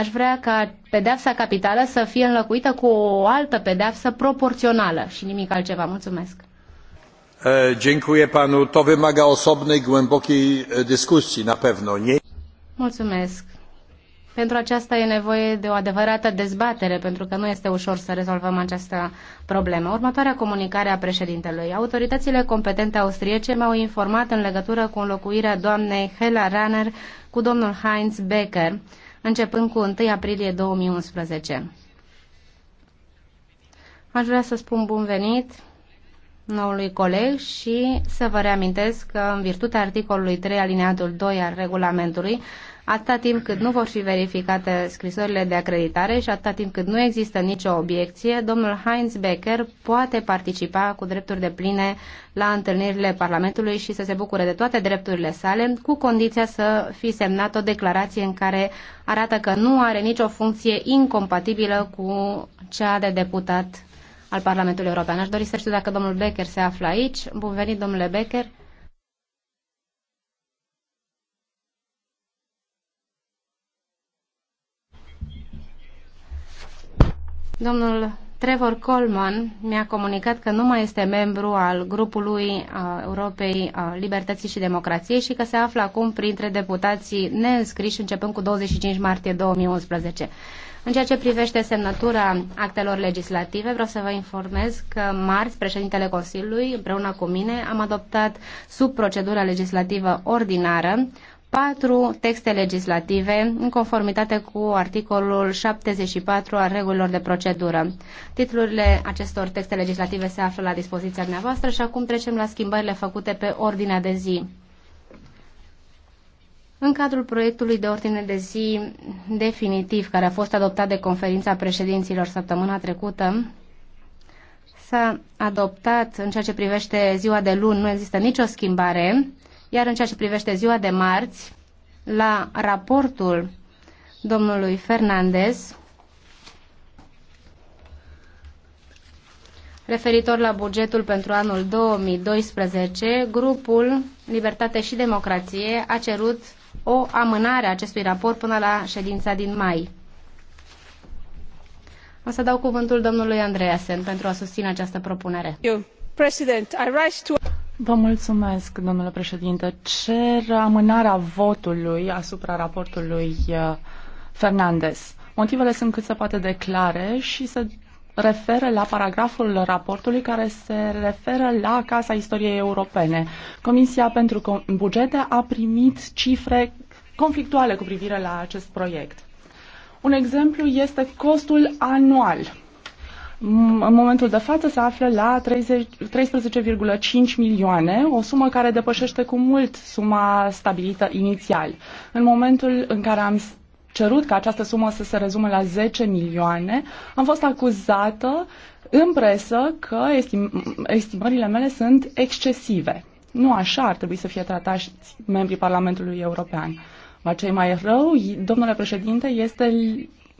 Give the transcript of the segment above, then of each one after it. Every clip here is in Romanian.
Aș vrea ca pedeapsa capitală să fie înlocuită cu o altă pedeapsă proporțională și nimic altceva. Mulțumesc. Dziękuję panu. To wymaga osobnej, głębokiej dyskusji na pewno. Nie... Mulțumesc. Pentru aceasta e nevoie de o adevărată dezbatere, pentru că nu este ușor să rezolvăm această problemă. Următoarea comunicare a președintelui. Autoritățile competente austriece m-au informat în legătură cu înlocuirea doamnei Hela Runner cu domnul Heinz Becker începând cu 1 aprilie 2011. Aș vrea să spun bun venit noului coleg și să vă reamintesc că în virtutea articolului 3 alineatul 2 al regulamentului, atâta timp cât nu vor fi verificate scrisorile de acreditare și atâta timp cât nu există nicio obiecție, domnul Heinz Becker poate participa cu drepturi de pline la întâlnirile Parlamentului și să se bucure de toate drepturile sale, cu condiția să fi semnat o declarație în care arată că nu are nicio funcție incompatibilă cu cea de deputat al Parlamentului European. Aș dori să știu dacă domnul Becker se află aici. Bun venit, domnule Becker. Domnul Trevor Coleman mi-a comunicat că nu mai este membru al grupului Europei Libertății și Democrației și că se află acum printre deputații neînscriși începând cu 25 martie 2011. În ceea ce privește semnătura actelor legislative, vreau să vă informez că marți președintele Consiliului, împreună cu mine, am adoptat sub procedura legislativă ordinară patru texte legislative în conformitate cu articolul 74 al regulilor de procedură. Titlurile acestor texte legislative se află la dispoziția dumneavoastră și acum trecem la schimbările făcute pe ordinea de zi. În cadrul proiectului de ordine de zi definitiv care a fost adoptat de conferința președinților săptămâna trecută, s-a adoptat în ceea ce privește ziua de luni, nu există nicio schimbare iar în ceea ce privește ziua de marți, la raportul domnului Fernandez referitor la bugetul pentru anul 2012, grupul Libertate și Democrație a cerut o amânare a acestui raport până la ședința din mai. O să dau cuvântul domnului Andreasen pentru a susține această propunere. Eu, President, I rise to... Vă mulțumesc, domnule președinte. Cer amânarea votului asupra raportului uh, Fernandez. Motivele sunt cât se poate de clare și se referă la paragraful raportului care se referă la Casa Istoriei Europene. Comisia pentru Bugete a primit cifre conflictuale cu privire la acest proiect. Un exemplu este costul anual în momentul de față se află la 13,5 milioane, o sumă care depășește cu mult suma stabilită inițial. În momentul în care am cerut ca această sumă să se rezume la 10 milioane, am fost acuzată în presă că estim- estimările mele sunt excesive. Nu așa ar trebui să fie tratați membrii Parlamentului European. Va cei mai rău, domnule președinte, este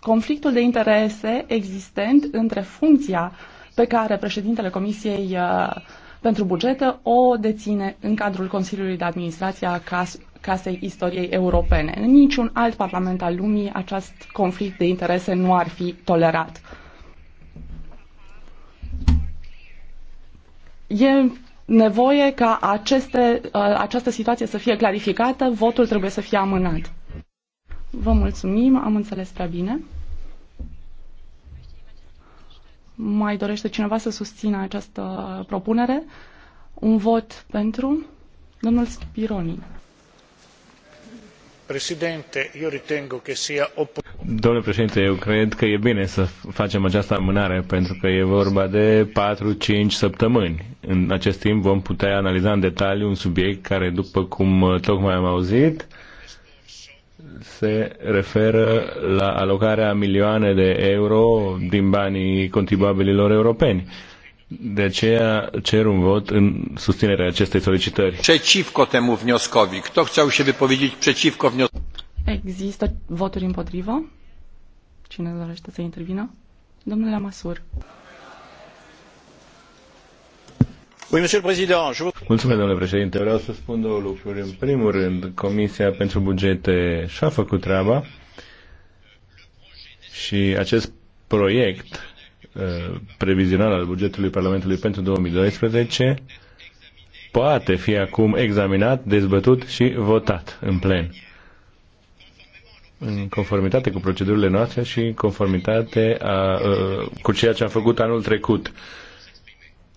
conflictul de interese existent între funcția pe care președintele Comisiei uh, pentru bugete o deține în cadrul Consiliului de Administrație a CAS Casei Istoriei Europene. În niciun alt parlament al lumii acest conflict de interese nu ar fi tolerat. E nevoie ca aceste, uh, această situație să fie clarificată, votul trebuie să fie amânat. Vă mulțumim, am înțeles prea bine. Mai dorește cineva să susțină această propunere? Un vot pentru? Domnul Spironi. Președinte, eu ritengo că sia Domnule președinte, eu cred că e bine să facem această amânare pentru că e vorba de 4-5 săptămâni. În acest timp vom putea analiza în detaliu un subiect care, după cum uh, tocmai am auzit, se referă la alocarea milioane de euro din banii contribuabililor europeni. De aceea cer un vot în susținerea acestei solicitări. Przeciwko temu wnioskowi. Kto chciał się wypowiedzieć przeciwko wnioskowi? Există voturi împotrivă? Cine dorește să intervină? Domnule Masur domnule președinte. Vreau să spun două lucruri. În primul rând, Comisia pentru Bugete și-a făcut treaba și acest proiect uh, previzional al bugetului Parlamentului pentru 2012 poate fi acum examinat, dezbătut și votat în plen. În conformitate cu procedurile noastre și în conformitate a, uh, cu ceea ce am făcut anul trecut.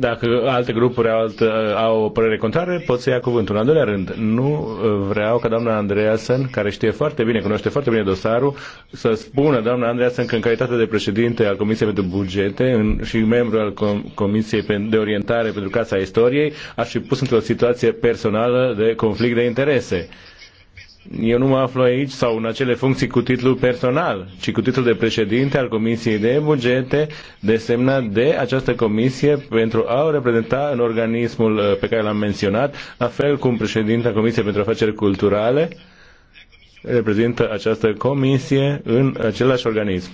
Dacă alte grupuri au, altă, au o părere contrare, pot să ia cuvântul. În al doilea rând, nu vreau ca doamna Andreasen, care știe foarte bine, cunoaște foarte bine dosarul, să spună doamna Andreasen că în calitate de președinte al Comisiei pentru Bugete în, și membru al Com- Comisiei de Orientare pentru Casa Istoriei, aș fi pus într-o situație personală de conflict de interese eu nu mă aflu aici sau în acele funcții cu titlu personal, ci cu titlul de președinte al Comisiei de Bugete, desemnat de această comisie pentru a o reprezenta în organismul uh, pe care l-am menționat, la fel cum președinta Comisiei pentru Afaceri Culturale reprezintă această comisie în același organism.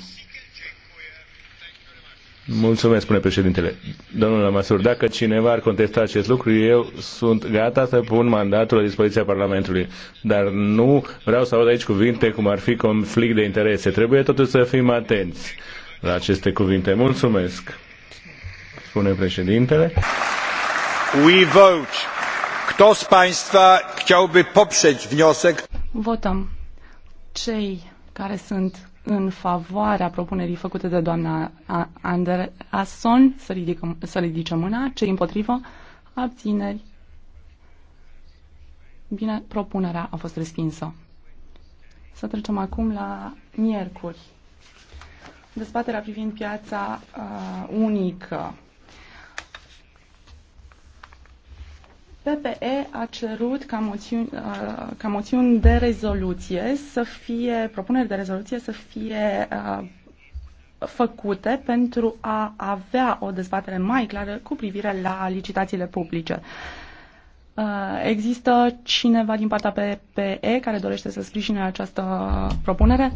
Mulțumesc, spune președintele. Domnul Lamasur, dacă cineva ar contesta acest lucru, eu sunt gata să pun mandatul la dispoziția Parlamentului. Dar nu vreau să aud aici cuvinte cum ar fi conflict de interese. Trebuie totuși să fim atenți la aceste cuvinte. Mulțumesc, spune președintele. We vote. Kto z Państwa chciałby poprzeć wniosek? Votăm. Cei care sunt în favoarea propunerii făcute de doamna Anderson să, ridicăm, să ridice mâna, cei împotrivă, abțineri. Bine, propunerea a fost respinsă. Să trecem acum la miercuri. Dezbaterea privind piața uh, unică. PPE a cerut ca moțiuni, uh, ca moțiuni de rezoluție să fie, propuneri de rezoluție să fie uh, făcute pentru a avea o dezbatere mai clară cu privire la licitațiile publice. Uh, există cineva din partea PPE care dorește să sprijine această propunere?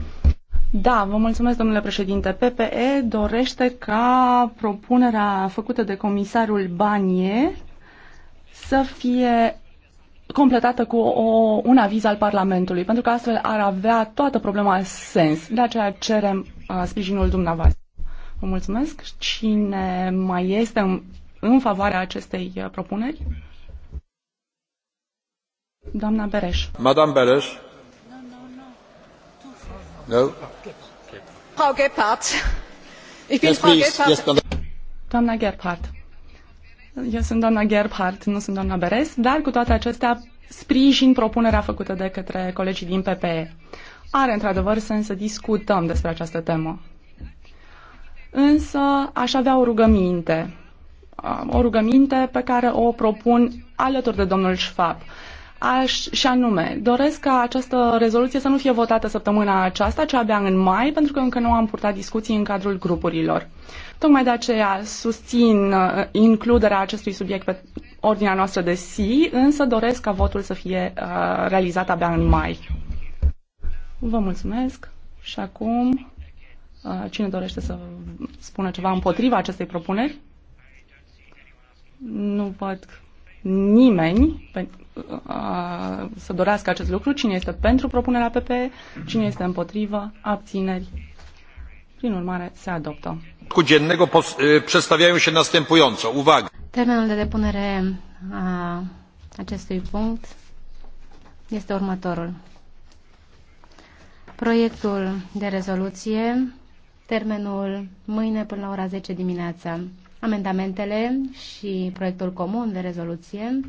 Da, vă mulțumesc, domnule președinte. PPE dorește ca propunerea făcută de comisarul Banie să fie completată cu o, un aviz al Parlamentului, pentru că astfel ar avea toată problema sens. De aceea cerem uh, sprijinul dumneavoastră. Vă mulțumesc. Cine mai este în, în favoarea acestei uh, propuneri? Doamna Bereș. Madame Bereș. No. no, no. Frau Gebhardt. Ich bin yes, Frau Gebhardt. Yes, Doamna Gebhardt. Eu sunt doamna Gerhardt, nu sunt doamna Beres, dar cu toate acestea sprijin propunerea făcută de către colegii din PPE. Are într-adevăr sens să discutăm despre această temă. Însă aș avea o rugăminte, o rugăminte pe care o propun alături de domnul Schwab. Aș, și anume, doresc ca această rezoluție să nu fie votată săptămâna aceasta, ci abia în mai, pentru că încă nu am purtat discuții în cadrul grupurilor. Tocmai de aceea susțin uh, includerea acestui subiect pe ordinea noastră de zi, însă doresc ca votul să fie uh, realizat abia în mai. Vă mulțumesc și acum uh, cine dorește să spună ceva împotriva acestei propuneri? Nu văd nimeni să dorească acest lucru. Cine este pentru propunerea PP, cine este împotrivă, abțineri. Prin urmare, se adoptă. Cu dziennego przedstawiają się następująco. Uwaga! Termenul de depunere a acestui punct este următorul. Proiectul de rezoluție, termenul mâine până la ora 10 dimineața. Amendamentele și proiectul comun de rezoluție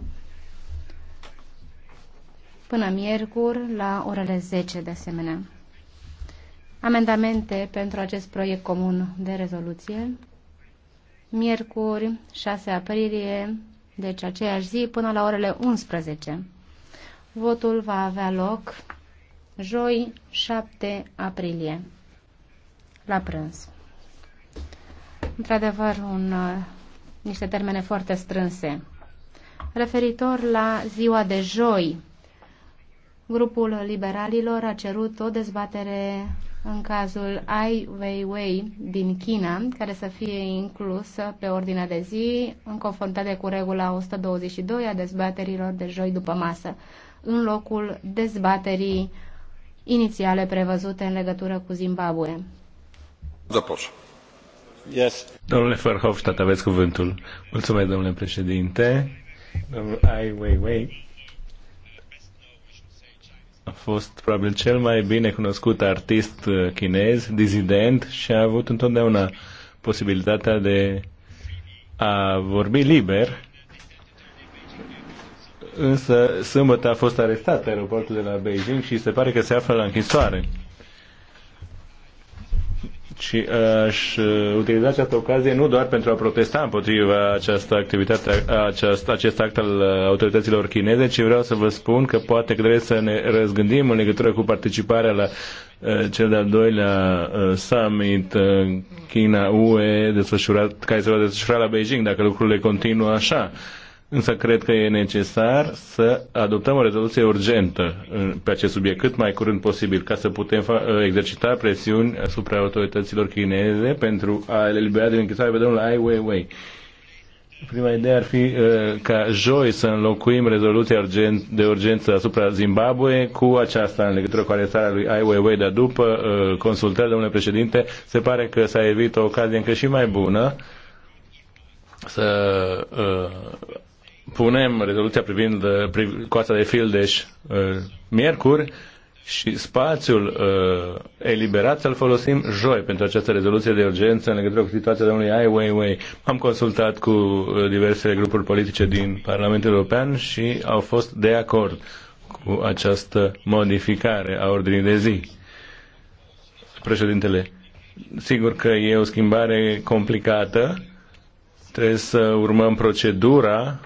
până miercuri la orele 10 de asemenea. Amendamente pentru acest proiect comun de rezoluție miercuri 6 aprilie, deci aceeași zi până la orele 11. Votul va avea loc joi 7 aprilie la prânz într-adevăr un, uh, niște termene foarte strânse. Referitor la ziua de joi, grupul liberalilor a cerut o dezbatere în cazul Ai Weiwei din China, care să fie inclusă pe ordinea de zi în conformitate cu regula 122 a dezbaterilor de joi după masă, în locul dezbaterii inițiale prevăzute în legătură cu Zimbabwe. Zaproș. Yes. Domnule Verhofstadt, aveți cuvântul. Mulțumesc, domnule președinte. Domnul Ai Weiwei a fost probabil cel mai bine cunoscut artist uh, chinez, dizident și a avut întotdeauna posibilitatea de a vorbi liber însă sâmbătă a fost arestat pe aeroportul de la Beijing și se pare că se află la închisoare și uh, aș uh, utiliza această ocazie nu doar pentru a protesta împotriva această activitate, aceast, acest act al uh, autorităților chineze, ci vreau să vă spun că poate că trebuie să ne răzgândim în legătură cu participarea la cel de-al doilea summit China-UE desfășurat, care se va desfășura la Beijing, dacă lucrurile continuă așa Însă cred că e necesar să adoptăm o rezoluție urgentă uh, pe acest subiect cât mai curând posibil ca să putem uh, exercita presiuni asupra autorităților chineze pentru a le elibera din închisoare pe domnul Ai Weiwei. Prima idee ar fi uh, ca joi să înlocuim rezoluția urgent, de urgență asupra Zimbabwe cu aceasta în legătură cu arestarea lui Ai Weiwei, dar după uh, consultări, domnule președinte, se pare că s-a evit o ocazie încă și mai bună să uh, punem rezoluția privind uh, priv, coața de Fildeș uh, miercuri și spațiul uh, eliberat să-l folosim joi pentru această rezoluție de urgență în legătură cu situația domnului Ai Weiwei. Am consultat cu diverse grupuri politice din Parlamentul European și au fost de acord cu această modificare a ordinii de zi. Președintele, sigur că e o schimbare complicată, trebuie să urmăm procedura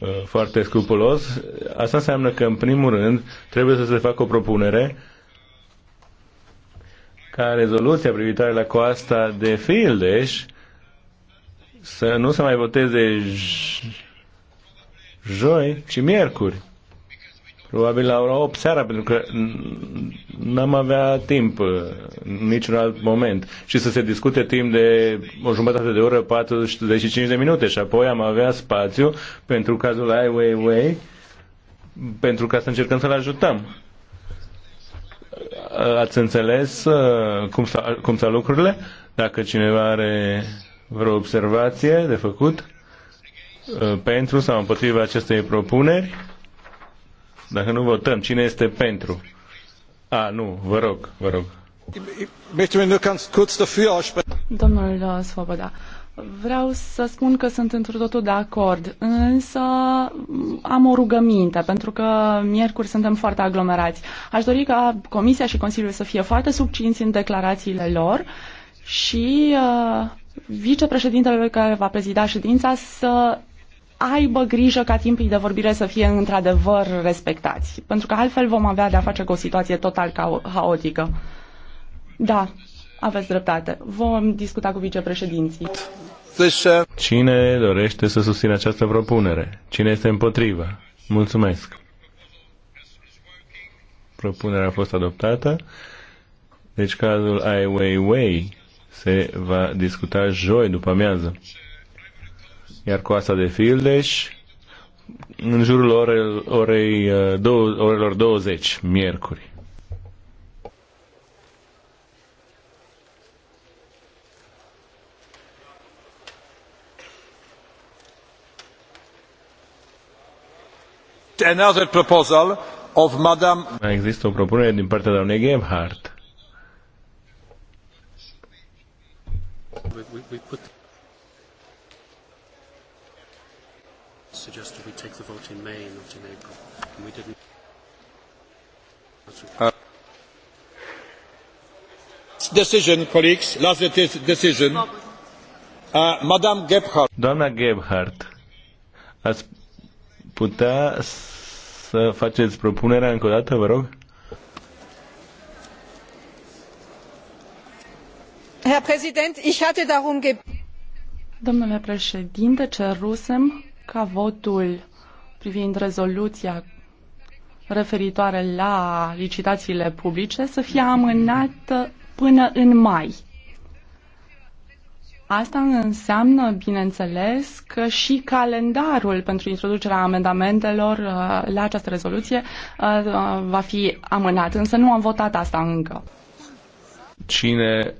Uh, foarte scrupulos, asta înseamnă că, în primul rând, trebuie să se facă o propunere ca rezoluția privitoare la coasta de Fildeș să nu se mai voteze joi, ci miercuri probabil la ora 8 seara, pentru că n-am avea timp în uh, niciun alt moment. Și să se discute timp de o jumătate de oră, 45 de minute și apoi am avea spațiu pentru cazul Ai Weiwei, pentru ca să încercăm să-l ajutăm. Uh, ați înțeles uh, cum stau, cum lucrurile? Dacă cineva are vreo observație de făcut pentru sau împotriva acestei propuneri, dacă nu votăm, cine este pentru? A, nu, vă rog, vă rog. Domnul uh, Svoboda, vreau să spun că sunt într totul de acord, însă mm, am o rugăminte, pentru că miercuri suntem foarte aglomerați. Aș dori ca Comisia și Consiliul să fie foarte subcinți în declarațiile lor și uh, vicepreședintele care va prezida ședința să aibă grijă ca timpii de vorbire să fie într-adevăr respectați, pentru că altfel vom avea de-a face cu o situație total ca- haotică. Da, aveți dreptate. Vom discuta cu vicepreședinții. Cine dorește să susțină această propunere? Cine este împotrivă? Mulțumesc. Propunerea a fost adoptată. Deci cazul Ai Weiwei se va discuta joi după amiază iar coasta de Fildeș în jurul orei, orei, uh, două orelor 20, miercuri. Another proposal of Madame... Mai există o propunere din partea doamnei Gebhardt. We, we, we put suggested we take the vote in May, not in April, and we didn't. Uh, decision, colleagues. Last deci- decision. Uh, Madame Gebhardt. Doamna Gebhardt, ați putea să faceți propunerea încă o dată, vă rog? Herr Präsident, ich hatte darum gebeten. Domnule președinte, cerusem ca votul privind rezoluția referitoare la licitațiile publice să fie amânat până în mai. Asta înseamnă, bineînțeles, că și calendarul pentru introducerea amendamentelor uh, la această rezoluție uh, uh, va fi amânat, însă nu am votat asta încă. Cine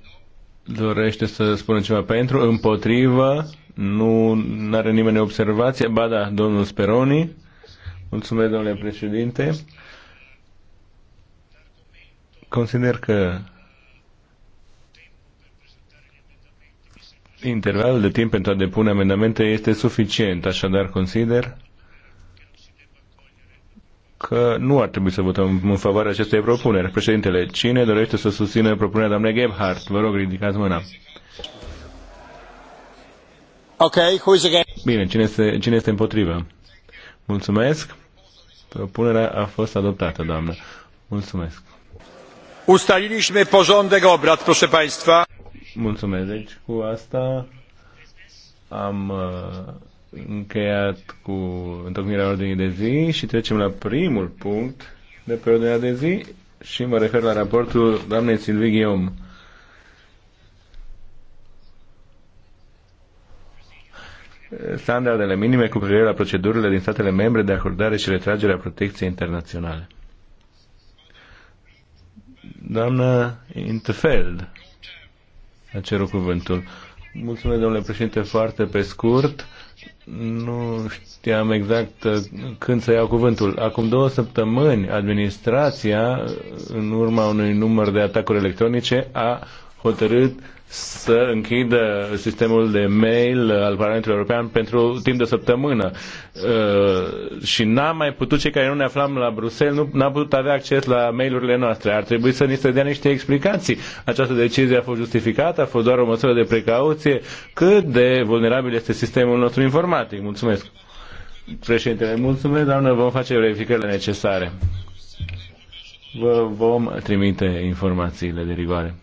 dorește să spună ceva pentru, împotrivă, nu are nimeni observație? Ba da, domnul Speroni. Mulțumesc, domnule președinte. Consider că intervalul de timp pentru a depune amendamente este suficient, așadar consider că nu ar trebui să votăm în favoarea acestei propuneri. Președintele, cine dorește să susțină propunerea doamnei Gebhardt? Vă rog, ridicați mâna. Okay, who against? Bine, cine este, cine este împotrivă? Mulțumesc. Propunerea a fost adoptată, doamnă. Mulțumesc. Ustaliliśmy porządek obrad, proszę Państwa. Mulțumesc. Deci cu asta am uh, încheiat cu întocmirea ordinii de zi și trecem la primul punct de pe ordinea de zi și mă refer la raportul doamnei Silvii Guillaume. standardele minime cu privire la procedurile din statele membre de acordare și retragere a protecției internaționale. Doamna Interfeld a cerut cuvântul. Mulțumesc, domnule președinte, foarte pe scurt. Nu știam exact uh, când să iau cuvântul. Acum două săptămâni, administrația, în urma unui număr de atacuri electronice, a hotărât să închidă sistemul de mail al Parlamentului European pentru timp de o săptămână. Uh, și n-am mai putut, cei care nu ne aflam la Bruxelles, nu n-am putut avea acces la mailurile noastre. Ar trebui să ni se dea niște explicații. Această decizie a fost justificată, a fost doar o măsură de precauție. Cât de vulnerabil este sistemul nostru informatic? Mulțumesc. Președintele, mulțumesc, doamnă, vom face verificările necesare. Vă vom trimite informațiile de rigoare.